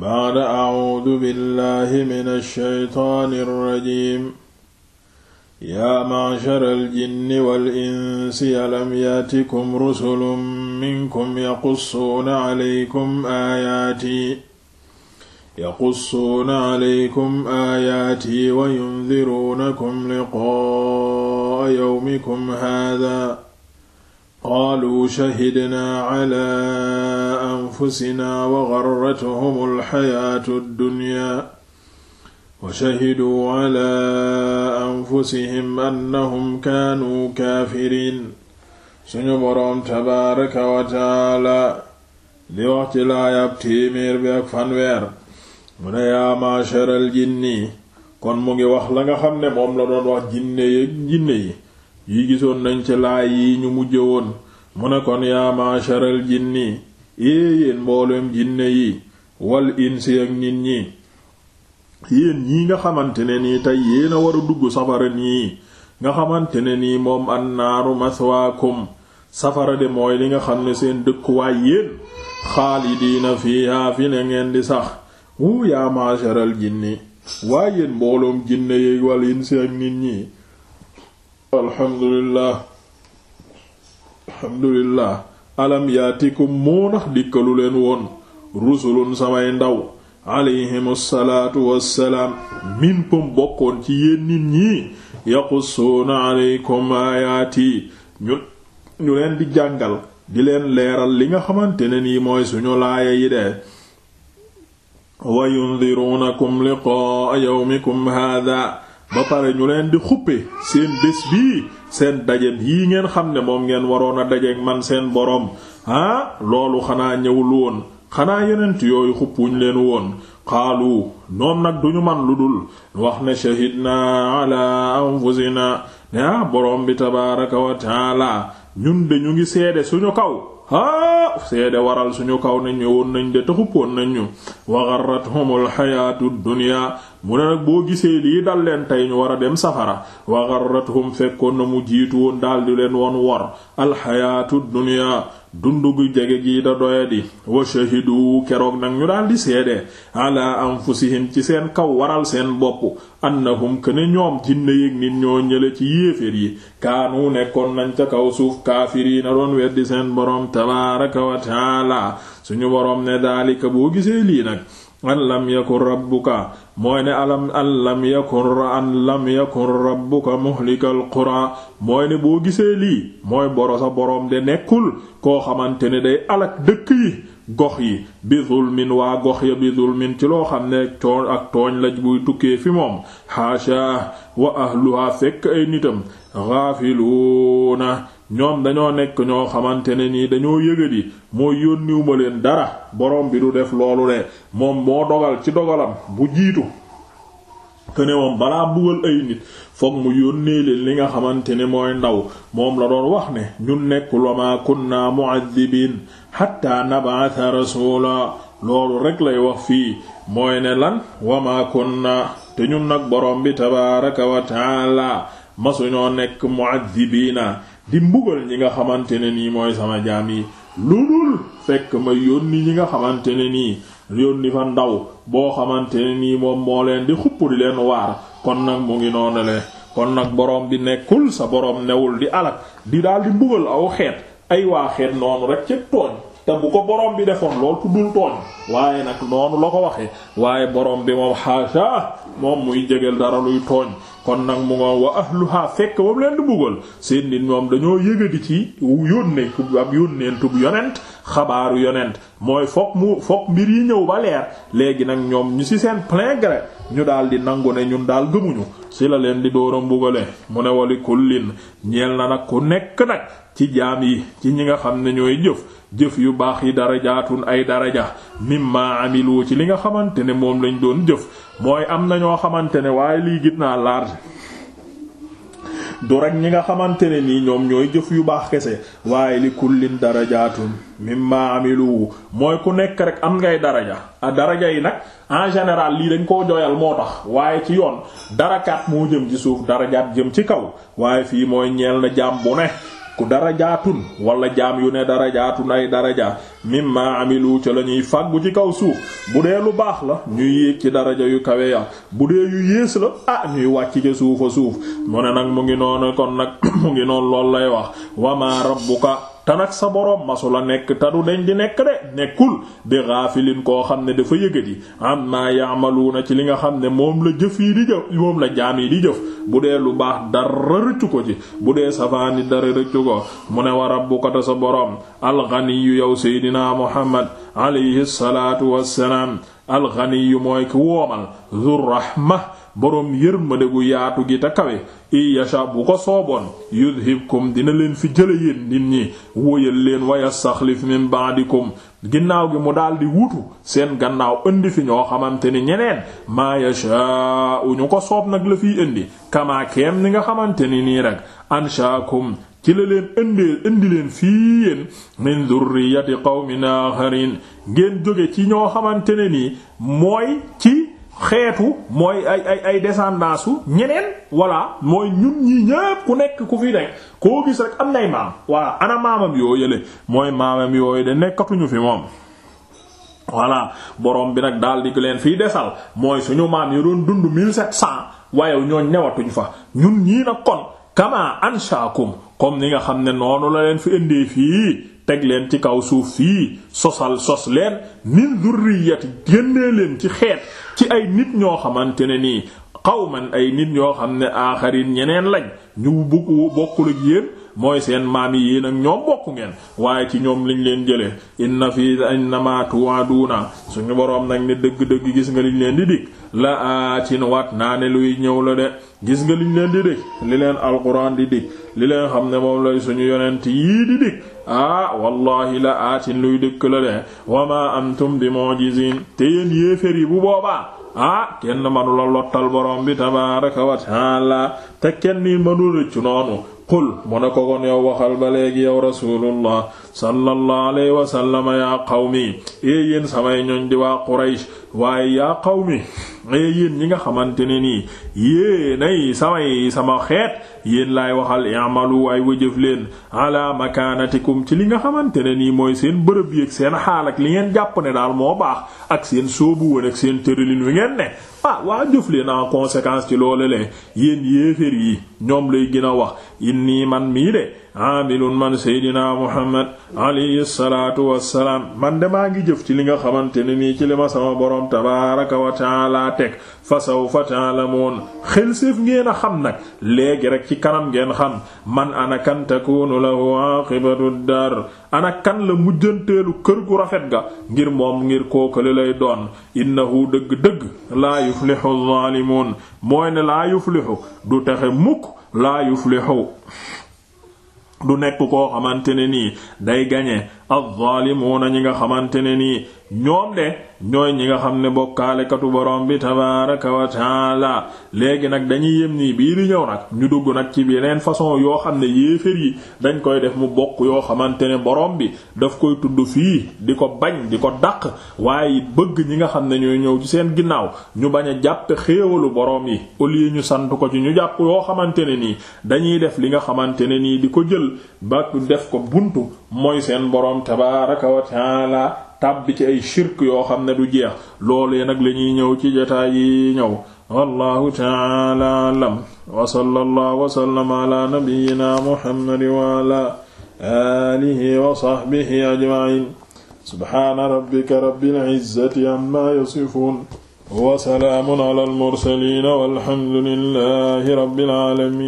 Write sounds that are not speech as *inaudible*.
baada acuudu billahi min alsheytaani alrajim yaa macshara aljinni walinsi alam yaatikum rusulun minkum yaqussuuna calaykum aayaatii yaqussuuna calaykum aayaatii wa yundiruunakum liqaa'a yawmikum haada qaaluu shahidnaa calaa anfusinaa wa garrathum alxayaatu ddunyaa wa shahiduu calaa anfusihim annahum kaanuu kaafiriin suñu boroom tabaaraka wa taala di wax ci laayab téeméer bi ak fanweer mu ne yaa maasharal jinni kon mu ngi wax la nga xam ne moom la doon wax jinne yi jinne yi yi gisoon nañ ci laay yi ñu mujje woon mu ne kon yaa maasharal jinni ee yéen mboolem jinne yi wal insi ak nit ñi yéen ñii nga xamante ne nii tey yéen a war a dugg safara nii nga xamante ne nii moom annaaru maswaakum safara de mooy li nga xam ne seen dëkkuwaay yéen xaalidiina fiihaa fi ne ngeen di sax wu yaa maasaral jinni waaye yéen mbooloom jinne yi wal insi ak nit ñi alhamdulillah alhamdulillah alam yaatikum moo ndax dikkalu leen woon rusulun samay ndaw alayhimu salaatu wassalaam minkum bokkoon ci yéen nit ñi yaqussuuna alaykum aayaati ñu ñu leen di jàngal di leen leeral li nga xamante ne nii mooy suñu laaya yi de wa yundiruunakum liqaa yawmikum haadaa ba pare ñu leen di xuppe seen bés bii seen daje yii ngeen xam ne moom ngeen waroon a dajeek man seen boroom ah loolu xanaa ñëwul woon xanaa yenent yooyu xuppuñ leen woon xaalu ñoom nag duñu man lu dul wax ne shahidna ala anfusina ne ah boroom bi tabaaraka wa ñun de ñu ngi seede suñu kaw ah seede waral suñu kaw ne woon nañ de taxuppoon nañ ñu wa gharrathumul mu ne nag boo gisee lii dal leen tey ñu war a dem safara wa gharrathum fekkoon na mu jiitu woon daal di leen woon wor al hayatud dundu gu jege gii da doyadi wa shahidu keroog nag ñu daal di seede ala anfusihim ci seen kaw waral seen bopp annahum këne ñoom jinne yéeg nit ñoo ñële ci yéeféer yi kaanu nekkoon nañ ca kaw suuf kaafir yi na doon weddi seen boroom tabaaraka wa suñu boroom ne daalika boo gisee lii nag an lam yakun rabbuka mooy ne alam an lam yakun an lam yakun rabbuka muhlikal qura mooy ne boo gisee lii mooy boro sa boroom de nekkul koo xamante ne day alak dëkk yi gox yi bi zulmin waa gox ya bi zulmin ci loo xam ne tooñ ak tooñ la buy tukkee fi moom haasha wa ahluha fekk ay nitam ghaafiluna ñoom dañoo nekk ñoo xamante ne nii dañoo yëgadi mooy yónniwu ma leen dara boroom bi du def loolu de moom moo dogal ci dogalam bu jiitu këne moom balaa mbugal ay nit foog mu yónnee leen li nga xamante ne mooy ndaw moom la doon wax ne ñun nekkul wa maa kunna mu'addibiin hatta nab'atha rasuula loolu rekk lay wax fii mooy ne lan wa maa te ñun nag boroom bi tabaaraka wa taala masuñoo nekk mu'addibiina di mbugal ñi nga xamante ne nii mooy sama jaam yi lu dul fekk ma yónni ñi nga xamante ne nii yónni fa ndaw boo xamante ne nii moom moo leen di xupp di leen waar kon nag mu ngi noonale kon nag boroom bi nekkul sa borom newul di alak di daal di mbugal aw xeet ay waa xeet noonu rek ci tooñ te bu ko borom bi defoon lool tuddul tooñ waaye nag noonu la ko waxee waaye borom bi moom xaasa moom muy jegel dara luy tooñ kon nag mu ngo wa ahluha fekk ba mu leen di buggal seen nit ñoom dañoo yëgadi ci yónnee tub ab yónneentub yonent xabaaru yonent mooy fokk mu fokk mbir yi ñëw ba leer léegi nag ñoom ñu ci seen plein gré ñu daal di nangu ne ñun daal gëmuñu ci la leen di door a mu ne wali kullin ñeel na nag ku nekk nag ci jaam yi ci ñi nga xam ne ñooy jëf jëf yu baax yi darajaatun ay daraja mimma amilu ci li nga xamante ne moom lañ doon jëf mooy am na ñoo xamante ne waaye lii gis naa large du rek ñi nga xamante ne nii ñoom ñooy jëf yu baax kese waaye li kullin darajaatun mimma amilu mooy ku nekk rek am ngay daraja daraja yi nag en général lii dañ koo joyal moo tax waaye ci yoon darakaat moo jëm ci suuf darajaat jëm ci kaw waaye fii mooy ñeel na jaam ne ku darajaatun wala jaam yu ne darajaatun ay daraja mimma amilu ca la ñuy fàggu ci kaw suuf bu dee lu baax la ñuy yéeg ci daraja yu kawe ya bu dee yu yées la ah ñuy wàcc ca suufa suuf mu ne nag mu ngi noonu kon nag *coughs* mu ngi noonu loolu lay wax wama rabbuka te sa boroom masu la nekk te du deñ di nekk de nekkul bi gaafilin koo xam ne dafa yëgati am naa na ci li nga xam ne moom la jëf yi di jëf moom la jaam yi di jëf bu dee lu baax dara rëccu ko ci bu dee safaani dara rëccu ko mu ne wa rabbuka ta sa boroom alganiyu yow seydinaa muhammad alayhi salaatu wassalaam alxaniyu mooy ki woomal zur rahma boroom yërmande gu yaatu gi te kawe i bu ko sooboon yudhibkum dina leen fi jële yéen nit ñi wóoyal leen waya saxlif min ba'dikum ginnaaw gi mu daldi wutu seen gannaaw indi fi ñoo xamante ni ñeneen maa u ñu ko soob nag la fiy indi kama keem ni nga xamante ni nii rek anshaakum ci la leen indee indi leen fii yéen min zurriyati qawmin aaxarin ngeen jóge ci ñoo xamante ne nii mooy ci xeetu mooy ay ay ay ñeneen voilà mooy ñun ñi ñépp ku nekk ku fi nekk koo gis rek am nay maam voilà ana maamam yoo yële mooy maamam yooyu de nekkatuñu fi moom voilà borom bi nag daal di leen fiy desal mooy suñu maam yi dund 1700 waaye ñoo newatuñ fa ñun ñii nag kon kama anshaakum comme ni nga xam ne noonu la leen fi indee fii teg leen ci kaw suuf fii sosal sos leen min zurriyati génnee leen ci xeet ci ay nit ñoo xamante ne xaw man ay nit ñoo xam ne aaxarin ñeneen lañ ñu bokku bokkul ak yéen mooy seen maam yi yéen ak ñoom bokku ngeen waaye ci ñoom lañ leen jëlee inna fi inna ma tu'aduna suñu boroom nag ne dëgg-dëgg gis nga liñ leen di dig la aatin wat naa ne luy ñëw la de gis nga liñ leen di dig li leen alquran di dig li leen xam ne moom lay suñu yonent yii di dig ah wallahi la aatin luy dëkk la de wamaa antum bi mu'jizin te yéen yéefér yi bu boobaa ah kenn mënu la lottal boroom bi tabaaraka wa taala te kenn mënu rëccu noonu qul mu ne ko kon yow waxal ba léegi yow rasulullah sallallahu alayhi wa sallam yaa qawmi yéen samay ñoñ di waa Quraysh waaye yaa qawmi eh, yéen ñi nga xamante ne nii yéenay samay sama xeet yéen laay waxal i'malu waay jëf leen ala makaanatikum ci li nga xamante ne nii mooy seen bërëb yeeg seen xaal ak li ngeen jàpp ne daal moo baax ak seen soobu woon ak seen tëralin wi ngeen ne ah waa jëf leen en conséquence ci loolu le yéen yéefér yi ñoom lay gën a wax nii man mii de amilun man seydina muhammad alayhi salaatu wassalaam man de maa ngi jëf ci li nga xamante ne nii ci li sama borom boroom tabaaraka wa fa sawfa ta'lamuun xelséef ngeen a xam nag léegi rek ci kanam ngeen xam man ana kan takuunu lahu dar ana la mujjanteelu kër gu rafet ga ngir moom ngir kookale lay doon innahu dëgg-dëgg laa yuflihu zaalimuun mooy ne laa yuflihu du taxe mukk laa yuflihu du nekk koo xamante ni day gañe az-zaalimuuna ñi nga xamante ne nii ñoom de ñooy ñi nga xam ne bokkaalekatu borom bi tabaaraka wa taala léegi nag dañuy yem nii bii di ñëw nag ñu dugg nag ci bi yeneen façon yoo xam ne yéefér yi dañ koy def mu bokk yoo xamante ne boroom bi daf koy tudd fii di ko bañ di ko dàq waaye bëgg ñi nga xam ne ñooy ñëw ci seen ginnaaw ñu bañ a jàpp xéewalu borom yi au lieu ñu sant ko ci ñu jàpp yoo xamante ne nii dañuy def li nga xamante ne nii di ko jël ba def ko buntu mooy seen borom tabaaraka wa taala tàbbi ci ay shirk yoo xam ne du jeex loolee nag la ñuy ñëw ci jotaay yi ñëw wallahu taala alam wa sallallahu wa sallama ala nabiyyina muhammad wa ala alihi wa sahbihi ajma'in subhana rabbika rabbil izzati amma yasifun wa salaamun ala al mursalin walhamdulillahi rabbil alamin